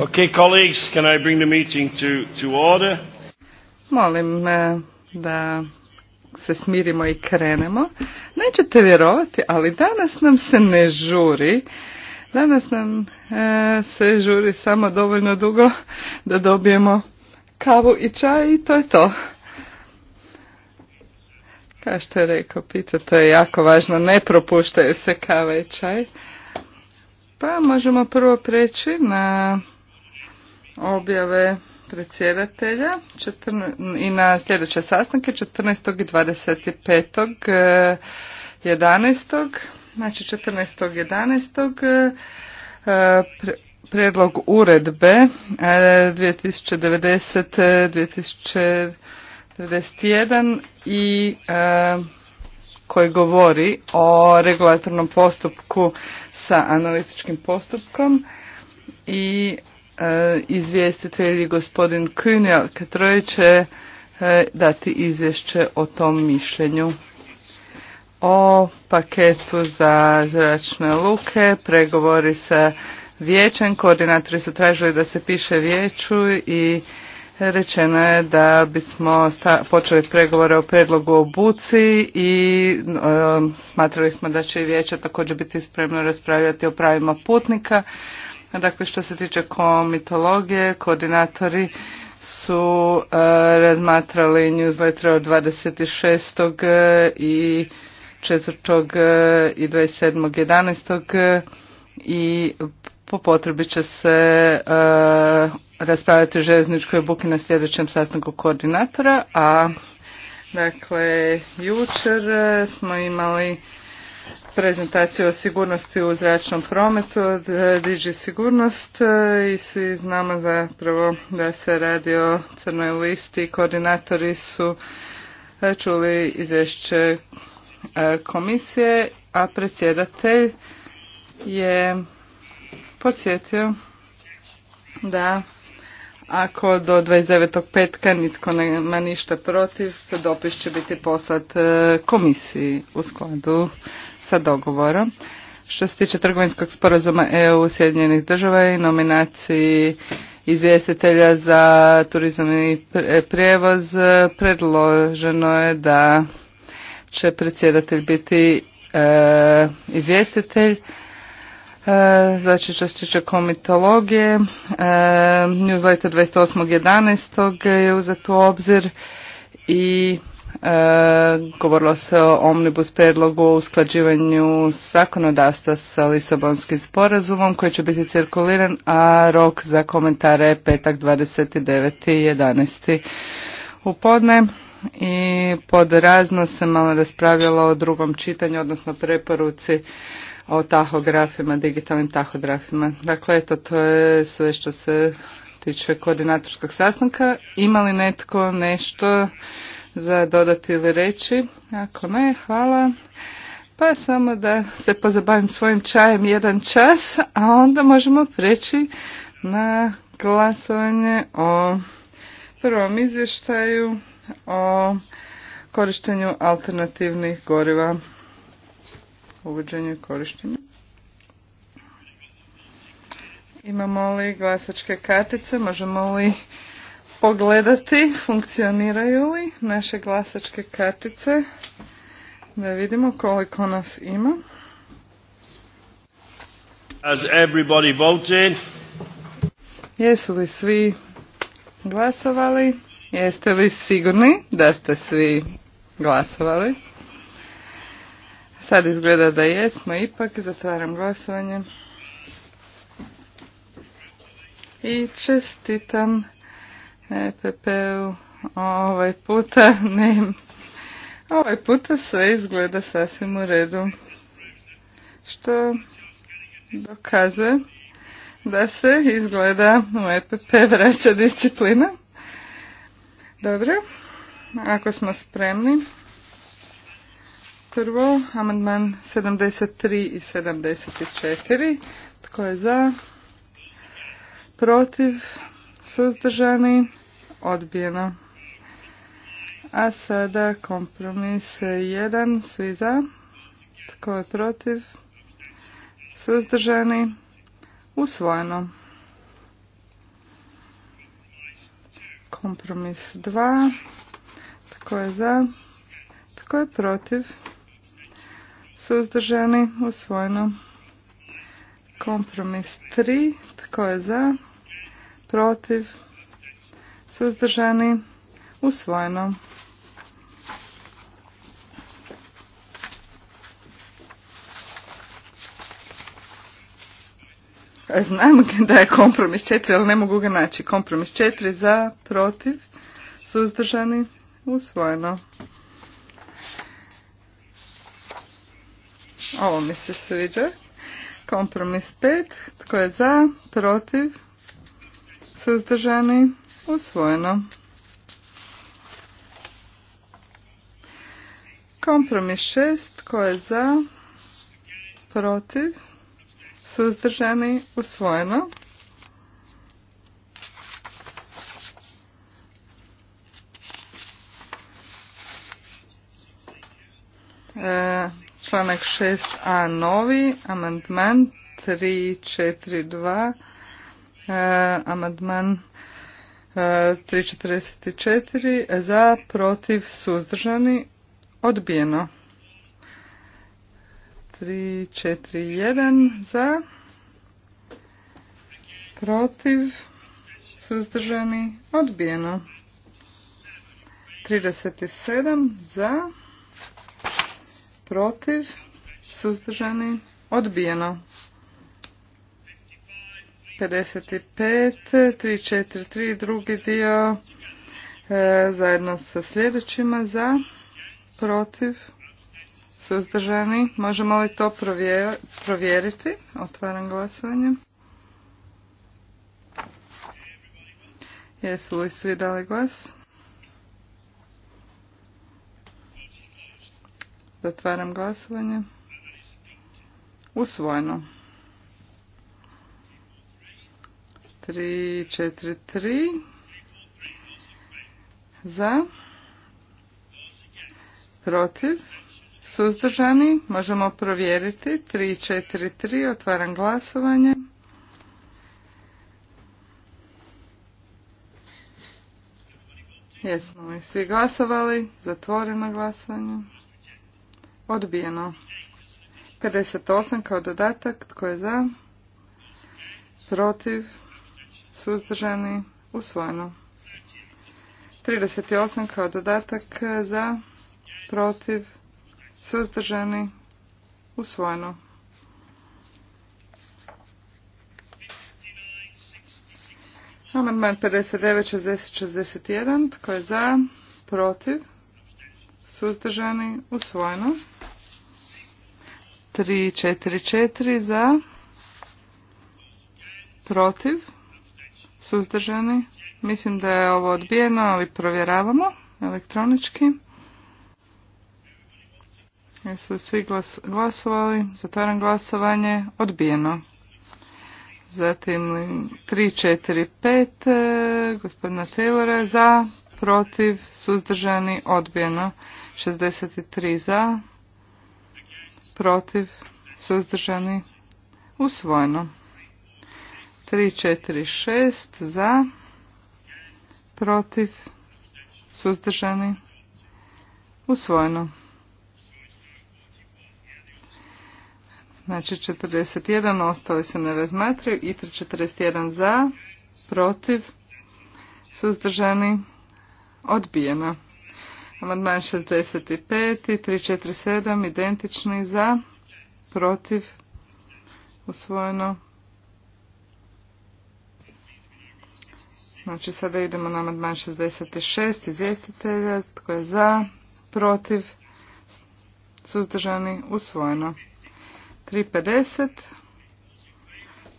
Okay, colleagues, can I bring the meeting to, to order? Molim eh, da se smirimo i krenemo. Nećete vjerovati, ali danas nam se ne žuri. Danas nam eh, se žuri samo dovoljno dugo da dobijemo kavu i čaj i to je to. Kao što je rekao Pita, to je jako važno, ne propuštaju se kava i čaj. Pa možemo prvo preći na objave predsjedatelja i na sljedeće sastanke 14. i 25. 11. E, znači 14. 11. predlog uredbe 2090 e, 2091 i e, koji govori o regulatornom postupku sa analitičkim postupkom i E, izvjestitelj gospodin Kunjal Katroj će e, dati izvješće o tom mišljenju. O paketu za zračne luke, pregovori sa vijećem, koordinatori su tražili da se piše vijeću i rečeno je da bismo počeli pregovore o predlogu o buci i e, smatrali smo da će i vijeće također biti spremno raspravljati o pravima putnika Dakle, što se tiče komitologije, koordinatori su e, razmatrali newsletter od 26. E, i 4. E, i 27. 11. i po potrebi će se uh, raspravljati o željezničkoj buki na sljedećem sastanku koordinatora, a dakle jučer smo imali prezentaciju o sigurnosti u zračnom prometu od e, Sigurnost e, i svi znamo zapravo da se radi o crnoj listi. Koordinatori su e, čuli izvješće komisije, a predsjedatelj je podsjetio da ako do 29. petka nitko nema ništa protiv, dopis će biti poslat e, komisiji u skladu sa dogovorom. Što se tiče trgovinskog sporazuma EU Sjedinjenih država i nominaciji izvjestitelja za turizam i prijevoz, predloženo je da će predsjedatelj biti e, izvjestitelj E, znači što se tiče komitologije, e, newsletter 28.11. je uzet u obzir i e, govorilo se o omnibus predlogu o usklađivanju zakonodavstva sa Lisabonskim sporazumom koji će biti cirkuliran, a rok za komentare je petak 29.11. u podne i pod razno se malo raspravljalo o drugom čitanju, odnosno preporuci o tahografima, digitalnim tahografima. Dakle, eto, to je sve što se tiče koordinatorskog sastanka. Ima li netko nešto za dodati ili reći? Ako ne, hvala. Pa samo da se pozabavim svojim čajem jedan čas, a onda možemo preći na glasovanje o prvom izvještaju o korištenju alternativnih goriva uvođenje i Imamo li glasačke kartice? Možemo li pogledati funkcioniraju li naše glasačke kartice? Da vidimo koliko nas ima. Jesu li svi glasovali? Jeste li sigurni da ste svi glasovali? Sad izgleda da jesmo, ipak zatvaram glasovanje. I čestitam EPP-u ovaj puta, ne, ovaj puta sve izgleda sasvim u redu. Što dokazuje da se izgleda u EPP vraća disciplina. Dobro, ako smo spremni, Prvo, amandman 73 i 74. Tko je za? Protiv? Suzdržani? Odbijeno. A sada kompromis 1. Svi za? Tko je protiv? Suzdržani? Usvojeno. Kompromis 2. Tko je za? Tko je protiv? suzdržani, usvojeno. Kompromis 3, tko je za, protiv, suzdržani, usvojeno. Znam da je kompromis 4, ali ne mogu ga naći. Kompromis 4 za, protiv, suzdržani, usvojeno. Ovo mi se sviđa. Kompromis 5. Tko je za? Protiv? Suzdržani? Usvojeno. Kompromis 6. Tko je za? Protiv? Suzdržani? Usvojeno. E, Članak 6a novi, amandman 342, e, amandman 344, e, za, protiv, suzdržani, odbijeno. 341 za, protiv, suzdržani, odbijeno. 37 za, protiv, suzdržani, odbijeno. 55, 343, drugi dio, e, zajedno sa sljedećima, za, protiv, suzdržani. Možemo li to provjeriti? Otvaram glasovanje. Jesu li svi dali glas? Zatvaram glasovanje. Usvojeno. 3, 4, 3. Za. Protiv. Suzdržani. Možemo provjeriti. 3, 4, 3. Otvaram glasovanje. Jesmo li svi glasovali? Zatvoreno glasovanje. Odbijeno. 58 kao dodatak. Tko je za? Protiv? Suzdržani? Usvojeno. 38 kao dodatak. Za? Protiv? Suzdržani? Usvojeno. 59, 59, Tko je za? Protiv? Suzdržani? Usvojeno. 3, 4 za, protiv, suzdržani. Mislim da je ovo odbijeno, ali provjeravamo elektronički. Jesu svi glasovali? Zatvaram glasovanje. Odbijeno. Zatim 3, 5... E, gospodina Taylora za, protiv, suzdržani, odbijeno. 63 za, protiv, suzdržani, usvojeno. 3, 4, 6 za, protiv, suzdržani, usvojeno. Znači 41, ostali se ne razmatraju, i 41 za, protiv, suzdržani, odbijeno. Amandman 65 i 347 identični za, protiv, usvojeno. Znači sada idemo na amandman 66 izvjestitelja, tko je za, protiv, suzdržani, usvojeno. 350,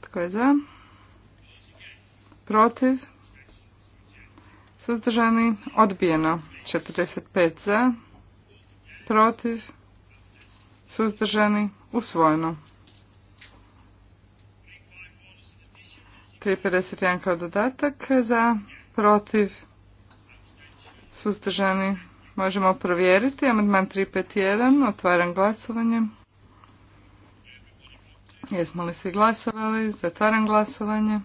tko je za, protiv, suzdržani, odbijeno. 45 za, protiv, suzdržani, usvojeno. 351 kao dodatak za, protiv, suzdržani, možemo provjeriti. Amandman 351, otvaram glasovanje. Jesmo li svi glasovali? Zatvaram glasovanje.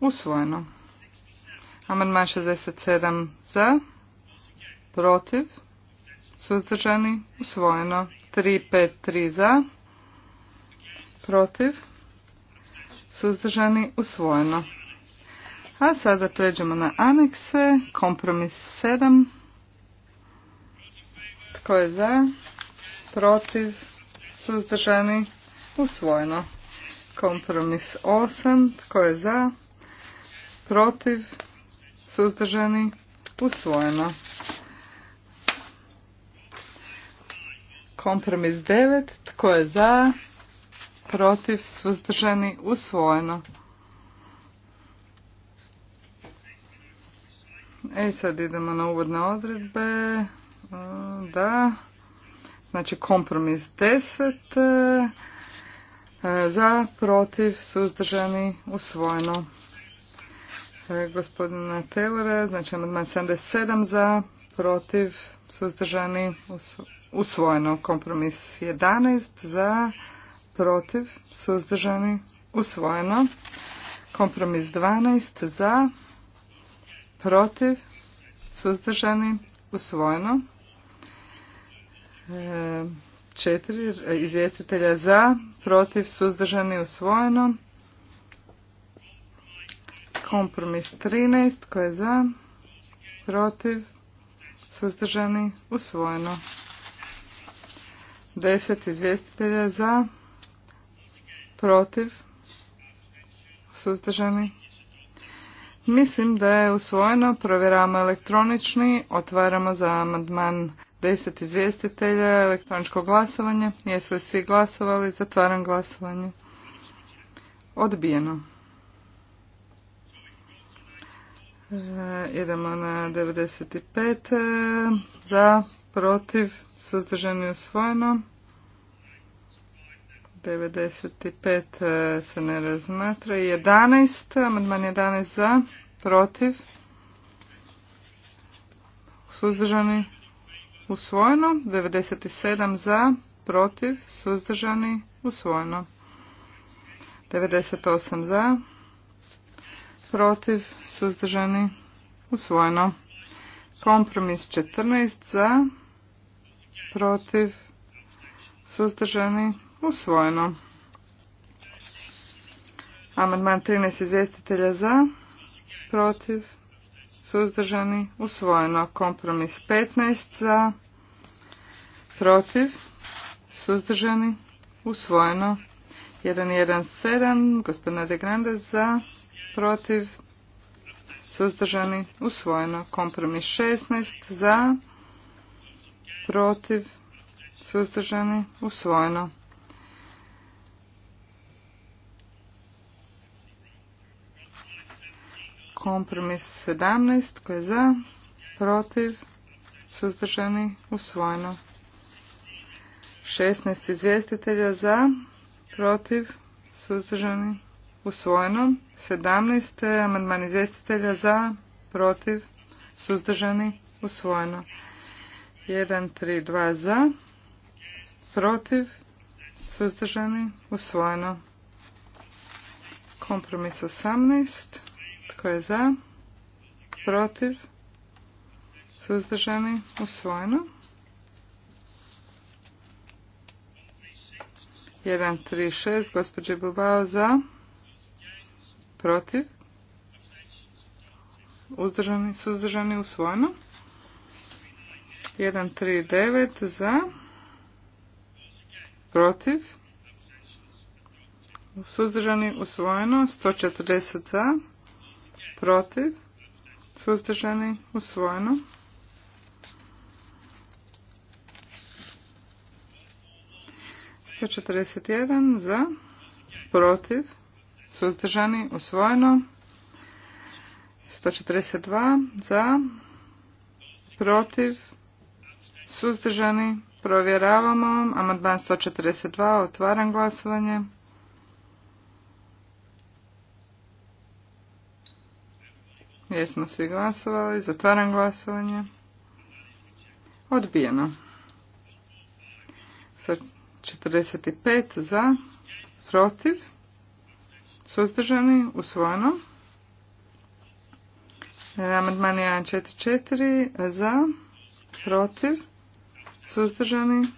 Usvojeno. Amandman 67 za, protiv, suzdržani, usvojeno. 353 za, protiv, suzdržani, usvojeno. A sada pređemo na anekse, kompromis 7. Tko je za, protiv, suzdržani, usvojeno. Kompromis 8. Tko je za, protiv, suzdržani, usvojeno. Kompromis 9. Tko je za? Protiv, suzdržani, usvojeno. E sad idemo na uvodne odredbe. E, da. Znači kompromis 10. E, za, protiv, suzdržani, usvojeno. Dakle, gospodina Teura, znači amandman 77 za, protiv, suzdržani, usvojeno. Kompromis 11 za, protiv, suzdržani, usvojeno. Kompromis 12 za, protiv, suzdržani, usvojeno. četiri e, izvjestitelja za, protiv, suzdržani, usvojeno. Kompromis 13. Tko je za? Protiv? Suzdržani? Usvojeno. 10 izvjestitelja za? Protiv? Suzdržani? Mislim da je usvojeno. Provjeramo elektronični. Otvaramo za amandman 10 izvjestitelja elektroničko glasovanje. Jesu li svi glasovali? Zatvaram glasovanje. Odbijeno. E, idemo na 95. E, za, protiv, suzdržani usvojeno. 95 e, se ne razmatra. 11. Amandman 11 za, protiv, suzdržani usvojeno. 97 za, protiv, suzdržani usvojeno. 98 za, protiv, suzdržani, usvojeno. Kompromis 14 za, protiv, suzdržani, usvojeno. Amandman 13 izvjestitelja za, protiv, suzdržani, usvojeno. Kompromis 15 za, protiv, suzdržani, usvojeno. 117, gospodina De Grande za, protiv, suzdržani, usvojeno. Kompromis 16 za, protiv, suzdržani, usvojeno. Kompromis 17 koje je za, protiv, suzdržani, usvojeno. 16 izvjestitelja za, protiv, suzdržani, usvojeno. 17. amandman izvjestitelja za, protiv, suzdržani, usvojeno. 1, 3, 2 za, protiv, suzdržani, usvojeno. Kompromis 18. Tko je za? Protiv? Suzdržani? Usvojeno. 1, 3, 6. Gospođe Bubao za? protiv, uzdržani, suzdržani, usvojeno. 139 za, protiv, suzdržani, usvojeno. 140 za, protiv, suzdržani, usvojeno. četrdeset za protiv suzdržani, usvojeno. 142 za, protiv, suzdržani, provjeravamo. Amandman 142, otvaram glasovanje. Jesmo svi glasovali, zatvaram glasovanje. Odbijeno. 45 za, protiv, Suzdržani? Usvojeno. E, amandman 1.4.4. Za? Protiv? Suzdržani?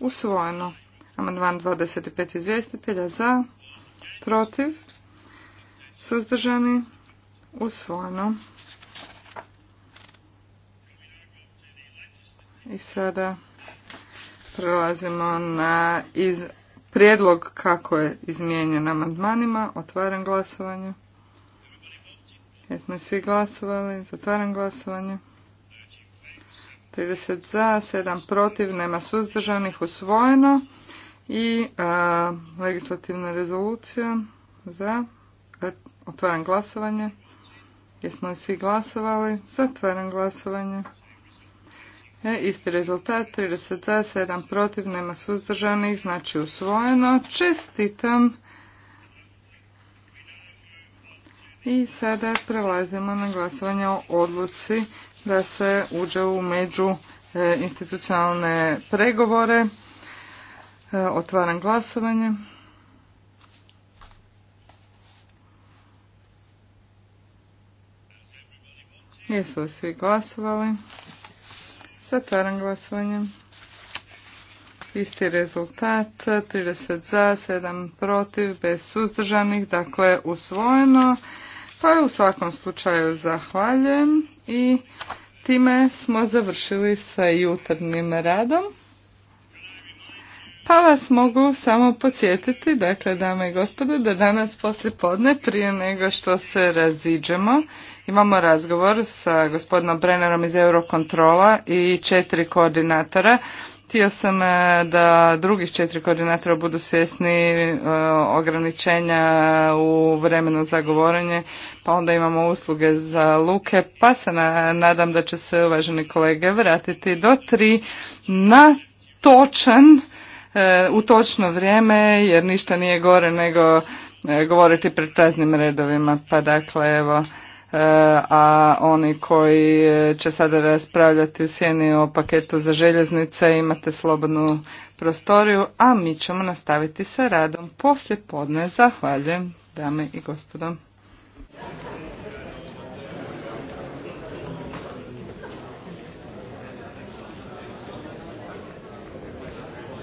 Usvojeno. Amandman 25 izvjestitelja za, protiv, suzdržani, usvojeno. I sada prelazimo na iz Prijedlog kako je izmijenjen amandmanima. Otvaram glasovanje. Jesmo svi glasovali. Zatvaram glasovanje. 30 za, 7 protiv, nema suzdržanih, usvojeno. I a, legislativna rezolucija za. E, otvaram glasovanje. Jesmo li svi glasovali? Zatvaram glasovanje. E, isti rezultat, 30 za, 7 protiv, nema suzdržanih, znači usvojeno. Čestitam. I sada prelazimo na glasovanje o odluci da se uđe u među e, institucionalne pregovore. E, otvaram glasovanje. Jesu li svi glasovali? Zatvaram glasovanje. Isti rezultat, 30 za, 7 protiv, bez suzdržanih, dakle usvojeno. Pa u svakom slučaju zahvaljujem i time smo završili sa jutarnjim radom. Pa vas mogu samo podsjetiti, dakle, dame i gospodo, da danas poslije podne, prije nego što se raziđemo, imamo razgovor sa gospodinom Brennerom iz Eurokontrola i četiri koordinatora. Htio sam e, da drugih četiri koordinatora budu svjesni e, ograničenja u vremenu za govorenje, pa onda imamo usluge za luke, pa se nadam da će se uvaženi kolege vratiti do tri na točan E, u točno vrijeme jer ništa nije gore nego e, govoriti pred praznim redovima. Pa dakle evo e, a oni koji će sada raspravljati sjeni o paketu za željeznice imate slobodnu prostoriju, a mi ćemo nastaviti sa radom poslje podne. Zahvaljujem dame i gospodo.